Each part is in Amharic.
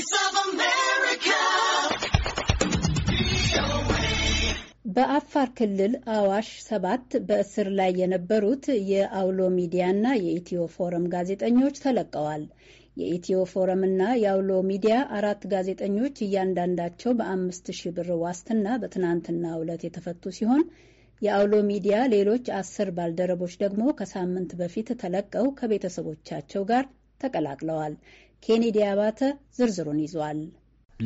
Voice of America. በአፋር ክልል አዋሽ ሰባት በእስር ላይ የነበሩት የአውሎ ሚዲያና የኢትዮ ፎረም ጋዜጠኞች ተለቀዋል። የኢትዮ ፎረምና የአውሎ ሚዲያ አራት ጋዜጠኞች እያንዳንዳቸው በአምስት ሺህ ብር ዋስትና በትናንትና ዕለት የተፈቱ ሲሆን የአውሎ ሚዲያ ሌሎች አስር ባልደረቦች ደግሞ ከሳምንት በፊት ተለቀው ከቤተሰቦቻቸው ጋር ተቀላቅለዋል። ኬኔዲ አባተ ዝርዝሩን ይዟል።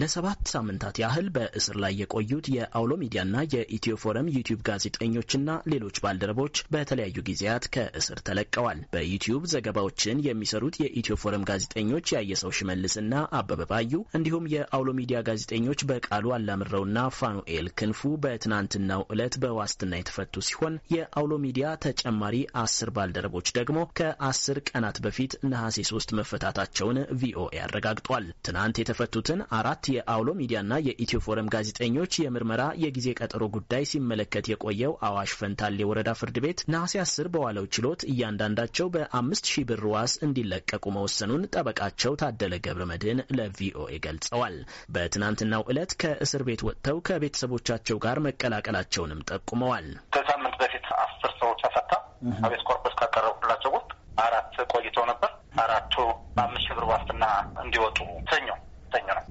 ለሰባት ሳምንታት ያህል በእስር ላይ የቆዩት የአውሎ ሚዲያና የኢትዮ ፎረም ዩቲዩብ ጋዜጠኞችና ሌሎች ባልደረቦች በተለያዩ ጊዜያት ከእስር ተለቀዋል። በዩቲዩብ ዘገባዎችን የሚሰሩት የኢትዮ ፎረም ጋዜጠኞች ያየሰው ሽመልስና አበበ ባዩ እንዲሁም የአውሎ ሚዲያ ጋዜጠኞች በቃሉ አላምረውና ፋኑኤል ክንፉ በትናንትናው ዕለት በዋስትና የተፈቱ ሲሆን የአውሎ ሚዲያ ተጨማሪ አስር ባልደረቦች ደግሞ ከአስር ቀናት በፊት ነሐሴ ሶስት መፈታታቸውን ቪኦኤ አረጋግጧል። ትናንት የተፈቱትን አራት 2014 የአውሎ ሚዲያና የኢትዮ ፎረም ጋዜጠኞች የምርመራ የጊዜ ቀጠሮ ጉዳይ ሲመለከት የቆየው አዋሽ ፈንታሌ ወረዳ ፍርድ ቤት ነሐሴ አስር በዋለው ችሎት እያንዳንዳቸው በአምስት ሺህ ብር ዋስ እንዲለቀቁ መወሰኑን ጠበቃቸው ታደለ ገብረ መድህን ለቪኦኤ ገልጸዋል። በትናንትናው ዕለት ከእስር ቤት ወጥተው ከቤተሰቦቻቸው ጋር መቀላቀላቸውንም ጠቁመዋል። ከሳምንት በፊት አስር ሰዎች ተፈታ አቤት ኮርፖስ ካቀረቡላቸው ውስጥ አራት ቆይተው ነበር። አራቱ በአምስት ሺህ ብር ዋስትና እንዲወጡ ሰኞ ሰኞ ነው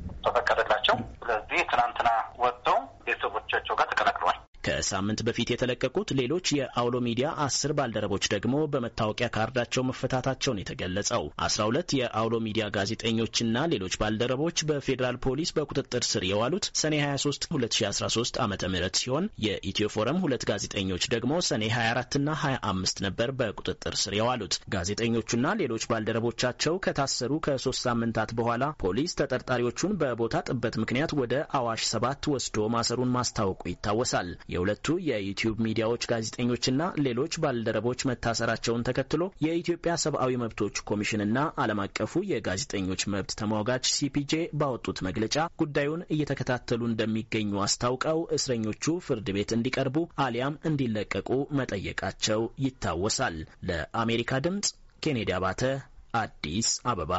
ከሳምንት በፊት የተለቀቁት ሌሎች የአውሎ ሚዲያ አስር ባልደረቦች ደግሞ በመታወቂያ ካርዳቸው መፈታታቸውን የተገለጸው አስራ ሁለት የአውሎ ሚዲያ ጋዜጠኞችና ሌሎች ባልደረቦች በፌዴራል ፖሊስ በቁጥጥር ስር የዋሉት ሰኔ 23 2013 ዓ ም ሲሆን የኢትዮ ፎረም ሁለት ጋዜጠኞች ደግሞ ሰኔ 24ና 25 ነበር በቁጥጥር ስር የዋሉት። ጋዜጠኞቹና ሌሎች ባልደረቦቻቸው ከታሰሩ ከሶስት ሳምንታት በኋላ ፖሊስ ተጠርጣሪዎቹን በቦታ ጥበት ምክንያት ወደ አዋሽ ሰባት ወስዶ ማሰሩን ማስታወቁ ይታወሳል። ሁለቱ የዩቲዩብ ሚዲያዎች ጋዜጠኞችና ሌሎች ባልደረቦች መታሰራቸውን ተከትሎ የኢትዮጵያ ሰብአዊ መብቶች ኮሚሽንና ዓለም አቀፉ የጋዜጠኞች መብት ተሟጋች ሲፒጄ ባወጡት መግለጫ ጉዳዩን እየተከታተሉ እንደሚገኙ አስታውቀው እስረኞቹ ፍርድ ቤት እንዲቀርቡ አሊያም እንዲለቀቁ መጠየቃቸው ይታወሳል። ለአሜሪካ ድምጽ ኬኔዲ አባተ አዲስ አበባ